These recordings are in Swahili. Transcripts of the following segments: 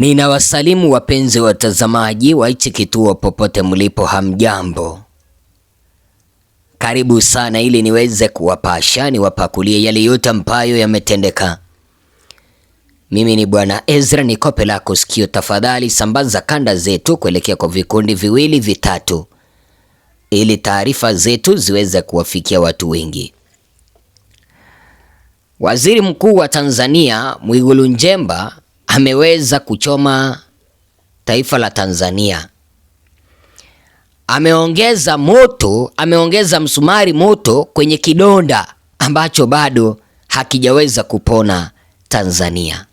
Ninawasalimu wapenzi watazamaji wa hichi kituo popote mlipo, hamjambo? Karibu sana ili niweze kuwapasha, niwapakulie yale yote ambayo yametendeka. Mimi ni Bwana Ezra, ni kope lako sikio. Tafadhali sambaza kanda zetu kuelekea kwa vikundi viwili vitatu, ili taarifa zetu ziweze kuwafikia watu wengi. Waziri Mkuu wa Tanzania Mwigulu Njemba ameweza kuchoma taifa la Tanzania. Ameongeza moto, ameongeza msumari moto kwenye kidonda ambacho bado hakijaweza kupona Tanzania.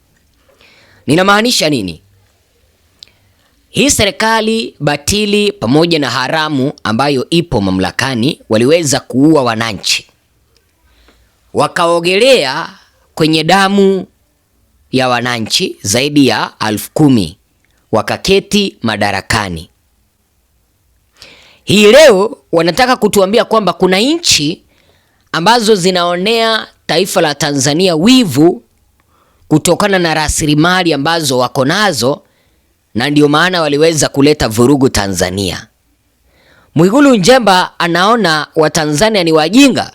Ninamaanisha nini? Hii serikali batili pamoja na haramu ambayo ipo mamlakani waliweza kuua wananchi, wakaogelea kwenye damu ya wananchi zaidi ya alfu kumi wakaketi madarakani. Hii leo wanataka kutuambia kwamba kuna nchi ambazo zinaonea taifa la Tanzania wivu kutokana na rasilimali ambazo wako nazo na ndio maana waliweza kuleta vurugu Tanzania. Mwigulu njemba anaona Watanzania ni wajinga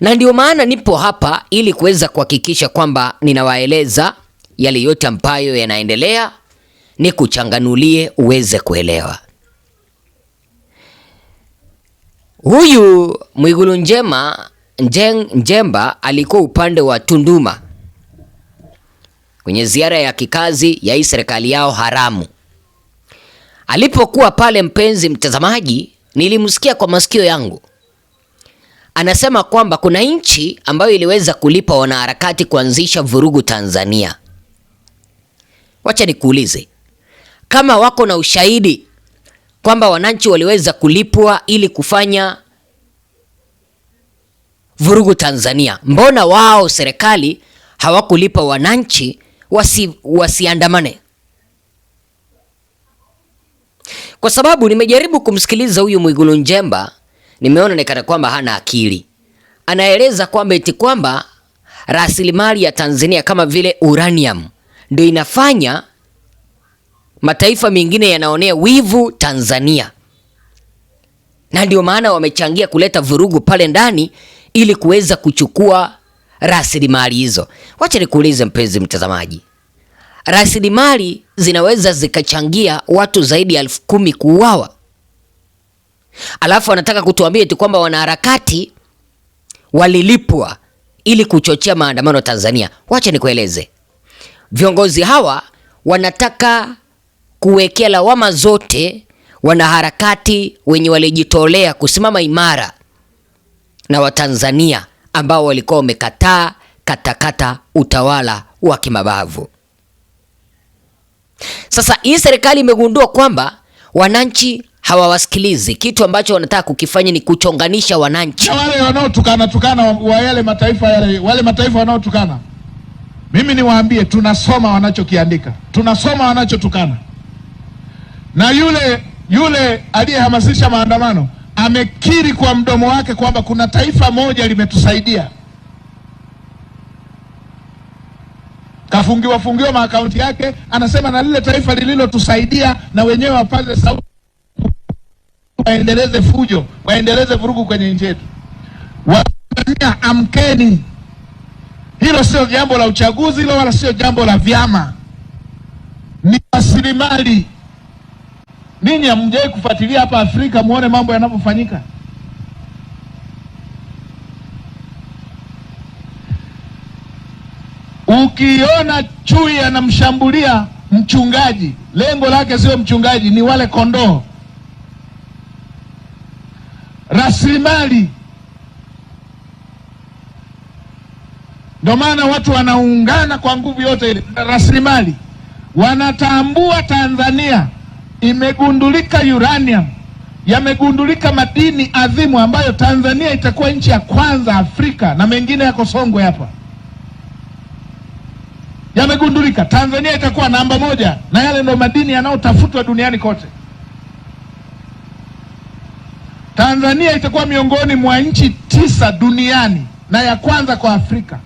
na ndio maana nipo hapa ili kuweza kuhakikisha kwamba ninawaeleza yale yote ambayo yanaendelea, ni kuchanganulie uweze kuelewa. Huyu Mwigulu Njema Njeng, Njemba alikuwa upande wa Tunduma kwenye ziara ya kikazi ya hii serikali yao haramu. Alipokuwa pale, mpenzi mtazamaji, nilimsikia kwa masikio yangu anasema kwamba kuna nchi ambayo iliweza kulipa wanaharakati kuanzisha vurugu Tanzania. Wacha nikuulize, kama wako na ushahidi kwamba wananchi waliweza kulipwa ili kufanya vurugu Tanzania, mbona wao serikali hawakulipa wananchi wasi, wasiandamane? Kwa sababu nimejaribu kumsikiliza huyu Mwigulu Nchemba nimeona ni kana kwamba hana akili. Anaeleza kwamba eti kwamba rasilimali ya Tanzania kama vile uranium ndio inafanya mataifa mengine yanaonea wivu Tanzania, na ndio maana wamechangia kuleta vurugu pale ndani ili kuweza kuchukua rasilimali hizo. Wacha nikuulize mpenzi mtazamaji, rasilimali zinaweza zikachangia watu zaidi ya elfu kumi kuuawa? alafu wanataka kutuambia tu kwamba wanaharakati walilipwa ili kuchochea maandamano Tanzania. Wacha nikueleze, viongozi hawa wanataka kuwekea lawama zote wanaharakati wenye walijitolea kusimama imara na Watanzania ambao walikuwa wamekataa katakata utawala wa kimabavu. Sasa hii serikali imegundua kwamba wananchi hawawasikilizi. Kitu ambacho wanataka kukifanya ni kuchonganisha wananchi. Wale wanaotukana tukana wa yale mataifa yale, wale mataifa wanaotukana, mimi niwaambie, tunasoma wanachokiandika, tunasoma wanachotukana, na yule yule aliyehamasisha maandamano amekiri kwa mdomo wake kwamba kuna taifa moja limetusaidia. Kafungiwa fungiwa maakaunti yake, anasema na lile taifa lililotusaidia na wenyewe wapaze sauti waendeleze fujo, waendeleze vurugu kwenye nchi yetu. Watanzania amkeni, hilo sio jambo la uchaguzi, hilo wala sio jambo la vyama, ni rasilimali. Ninyi hamjawahi kufuatilia hapa Afrika muone mambo yanavyofanyika. Ukiona chui anamshambulia mchungaji, lengo lake sio mchungaji, ni wale kondoo rasilimali. Ndio maana watu wanaungana kwa nguvu yote ile, rasilimali. Wanatambua Tanzania imegundulika uranium, yamegundulika madini adhimu ambayo Tanzania itakuwa nchi ya kwanza Afrika, na mengine yako Songwe hapa yamegundulika. Tanzania itakuwa namba moja, na yale ndo madini yanayotafutwa duniani kote. Tanzania itakuwa miongoni mwa nchi tisa duniani na ya kwanza kwa Afrika.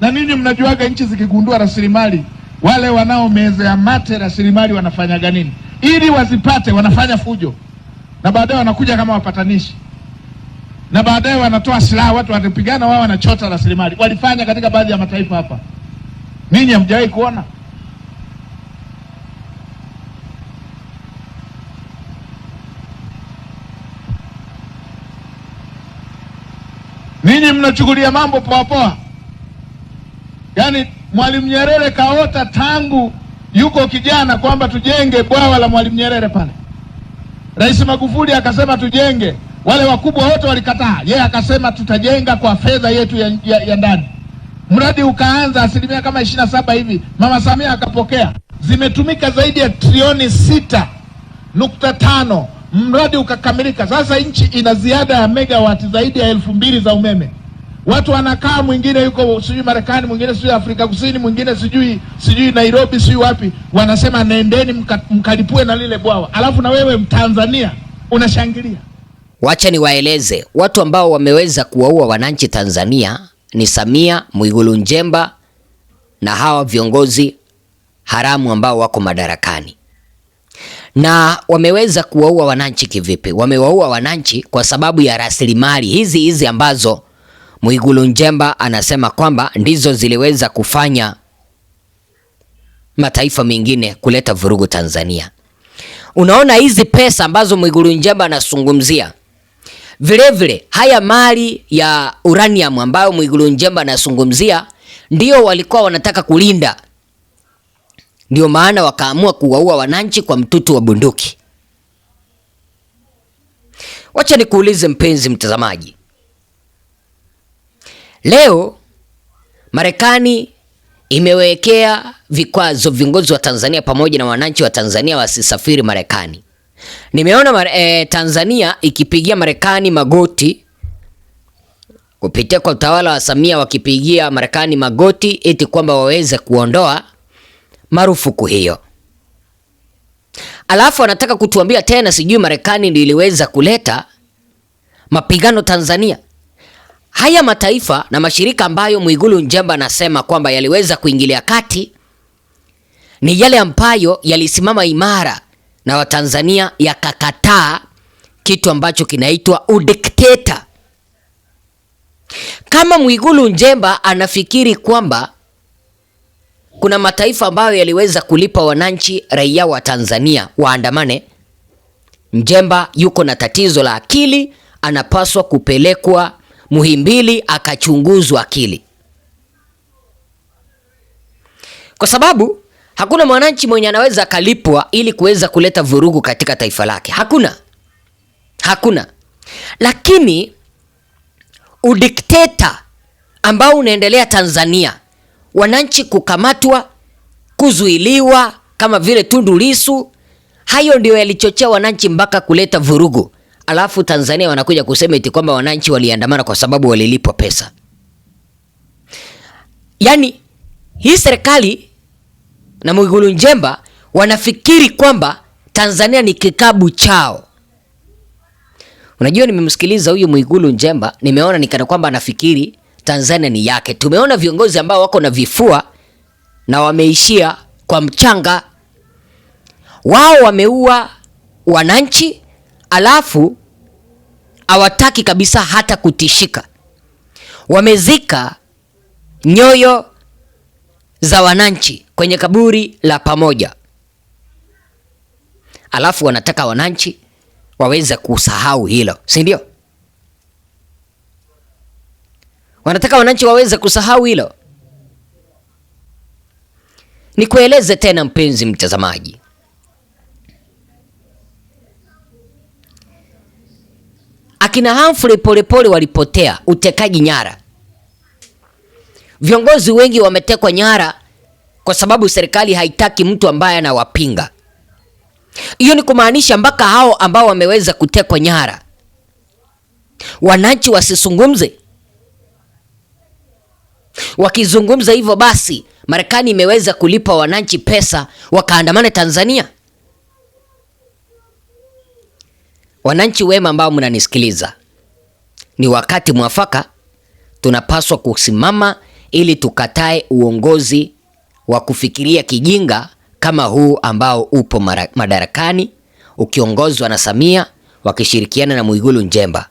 Na ninyi mnajuaga nchi zikigundua rasilimali, wale wanaomezea mate rasilimali wanafanyaga nini ili wazipate? Wanafanya fujo, na baadaye wanakuja kama wapatanishi, na baadaye wanatoa silaha, watu wanapigana, wao wanachota rasilimali. Walifanya katika baadhi ya mataifa hapa, ninyi hamjawahi kuona. Ninyi mnachukulia mambo poa poa, yaani Mwalimu Nyerere kaota tangu yuko kijana kwamba tujenge bwawa la Mwalimu Nyerere pale. Rais Magufuli akasema tujenge, wale wakubwa wote walikataa, yeye akasema tutajenga kwa fedha yetu ya, ya, ya ndani. Mradi ukaanza asilimia kama ishirini na saba hivi, Mama Samia akapokea, zimetumika zaidi ya trilioni sita nukta tano mradi ukakamilika. Sasa nchi ina ziada ya megawati zaidi ya elfu mbili za umeme. Watu wanakaa mwingine yuko sijui Marekani, mwingine sijui Afrika Kusini, mwingine sijui sijui Nairobi, sijui wapi, wanasema nendeni mka, mkalipue na lile bwawa, alafu na wewe Mtanzania unashangilia. Wacha niwaeleze watu ambao wameweza kuwaua wananchi Tanzania ni Samia, Mwigulu njemba na hawa viongozi haramu ambao wako madarakani. Na wameweza kuwaua wananchi kivipi? Wamewaua wananchi kwa sababu ya rasilimali hizi hizi ambazo Mwigulu Njemba anasema kwamba ndizo ziliweza kufanya mataifa mengine kuleta vurugu Tanzania. Unaona hizi pesa ambazo Mwigulu Nchemba anazungumzia, vilevile haya mali ya uranium ambayo Mwigulu Njemba anazungumzia, ndio walikuwa wanataka kulinda ndio maana wakaamua kuwaua wananchi kwa mtutu wa bunduki. Wacha nikuulize mpenzi mtazamaji, leo Marekani imewekea vikwazo viongozi wa Tanzania pamoja na wananchi wa Tanzania wasisafiri Marekani. Nimeona mare, eh, Tanzania ikipigia Marekani magoti kupitia kwa utawala wa Samia, wakipigia Marekani magoti eti kwamba waweze kuondoa marufuku hiyo. Alafu anataka kutuambia tena sijui Marekani ndio iliweza kuleta mapigano Tanzania. Haya mataifa na mashirika ambayo Mwigulu njemba anasema kwamba yaliweza kuingilia kati ni yale ambayo yalisimama imara na Watanzania yakakataa kitu ambacho kinaitwa udikteta. Kama Mwigulu njemba anafikiri kwamba kuna mataifa ambayo yaliweza kulipa wananchi raia wa Tanzania waandamane. Njemba yuko na tatizo la akili, anapaswa kupelekwa Muhimbili akachunguzwa akili, kwa sababu hakuna mwananchi mwenye anaweza akalipwa ili kuweza kuleta vurugu katika taifa lake. Hakuna, hakuna. Lakini udikteta ambao unaendelea Tanzania wananchi kukamatwa, kuzuiliwa kama vile Tundu Lissu. Hayo ndio yalichochea wananchi mpaka kuleta vurugu, alafu Tanzania wanakuja kusema eti kwamba wananchi waliandamana kwa sababu walilipwa pesa. Yaani hii serikali na Mwigulu njemba wanafikiri kwamba Tanzania ni kikabu chao. Unajua, nimemsikiliza huyu Mwigulu Njemba, nimeona nikana kwamba anafikiri Tanzania ni yake. Tumeona viongozi ambao wako na vifua na wameishia kwa mchanga. Wao wameua wananchi, alafu hawataki kabisa hata kutishika. Wamezika nyoyo za wananchi kwenye kaburi la pamoja, alafu wanataka wananchi waweze kusahau hilo, si ndio? Wanataka wananchi waweze kusahau hilo. Nikueleze tena mpenzi mtazamaji, akina Humphrey Polepole walipotea utekaji nyara. Viongozi wengi wametekwa nyara kwa sababu serikali haitaki mtu ambaye anawapinga. Hiyo ni kumaanisha mpaka hao ambao wameweza kutekwa nyara, wananchi wasizungumze Wakizungumza hivyo basi Marekani imeweza kulipa wananchi pesa wakaandamane Tanzania? Wananchi wema ambao mnanisikiliza, ni wakati mwafaka tunapaswa kusimama ili tukatae uongozi wa kufikiria kijinga kama huu ambao upo madarakani ukiongozwa na Samia wakishirikiana na Mwigulu njemba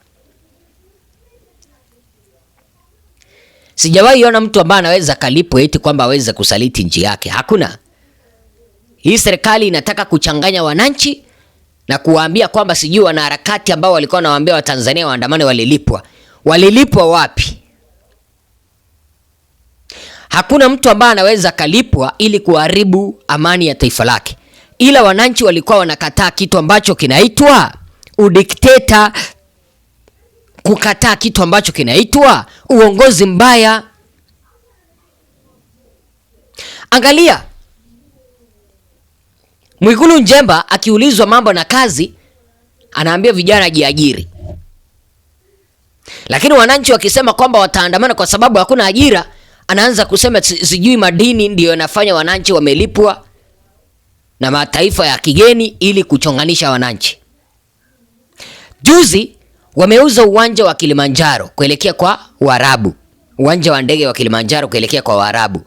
Sijawahi ona mtu ambaye anaweza kalipwa eti kwamba aweze kusaliti nchi yake, hakuna. Hii serikali inataka kuchanganya wananchi na kuwaambia kwamba sijui wanaharakati ambao walikuwa wanawaambia Watanzania waandamane walilipwa. Walilipwa wapi? Hakuna mtu ambaye anaweza kalipwa ili kuharibu amani ya taifa lake, ila wananchi walikuwa wanakataa kitu ambacho kinaitwa udikteta kukataa kitu ambacho kinaitwa uongozi mbaya. Angalia Mwigulu njemba akiulizwa mambo na kazi, anaambia vijana jiajiri, lakini wananchi wakisema kwamba wataandamana kwa sababu hakuna ajira, anaanza kusema sijui madini ndiyo yanafanya wananchi wamelipwa na mataifa ya kigeni ili kuchonganisha wananchi. Juzi Wameuza uwanja wa Kilimanjaro kuelekea kwa Waarabu, uwanja wa ndege wa Kilimanjaro kuelekea kwa Waarabu.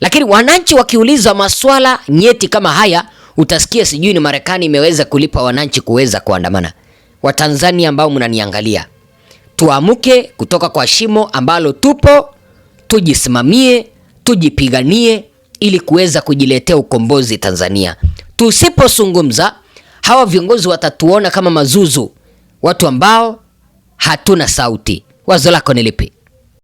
Lakini wananchi wakiuliza maswala nyeti kama haya, utasikia sijui ni Marekani imeweza kulipa wananchi kuweza kuandamana. Watanzania ambao mnaniangalia, tuamke kutoka kwa shimo ambalo tupo, tujisimamie, tujipiganie ili kuweza kujiletea ukombozi Tanzania. Tusiposungumza hawa viongozi watatuona kama mazuzu watu ambao hatuna sauti. Wazo lako ni lipi?